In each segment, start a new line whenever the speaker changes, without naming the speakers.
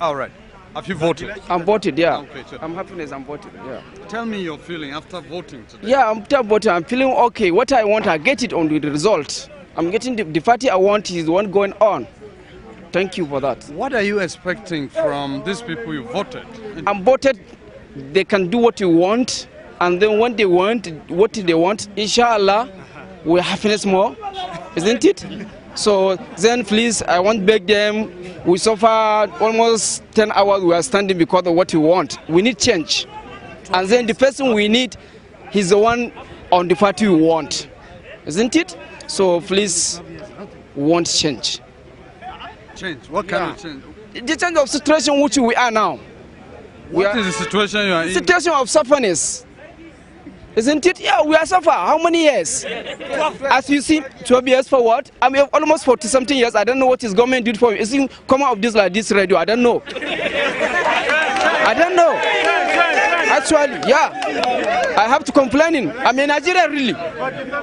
All right. Have you voted? I'm voted, yeah. Okay, I'm happiness, I'm voted, yeah. Tell me your feeling after voting today. Yeah, I'm after voting, I'm feeling okay. What I want, I get it on the result. I'm getting the, the party I want is the one going on. Thank you for that. What are you expecting from these people you voted? I'm voted, they can do what you want, and then when they want, what they want, inshallah, we're happiness more, isn't it? So then please, I want beg them we suffered almost 10 hours we are standing because of what we want. We need change. And then the person we need, he's the one on the party we want. Isn't it? So please, want change. Change? What kind yeah. of change? The change of situation which we are now. What are, is the situation you are in? Situation of sufferness. Isn't it? Yeah, we are so far. How many years? As you see, 12 years for what? i mean, almost 40 something years. I don't know what his government did for me. Is it come out of this like this radio? I don't know. I don't know. Actually, yeah. I have to complain. i mean, Nigeria, really.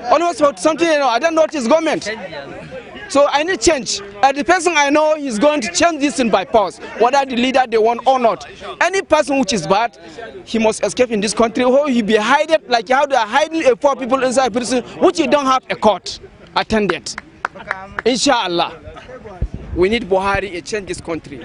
Almost 40 something, you know. I don't know what his government. So I need change. Uh, the person I know is going to change this in by force, whether the leader they want or not. Any person which is bad, he must escape in this country or he be hiding like how they are hiding a poor people inside prison, which you don't have a court attendant. Inshallah, we need Buhari to change this country.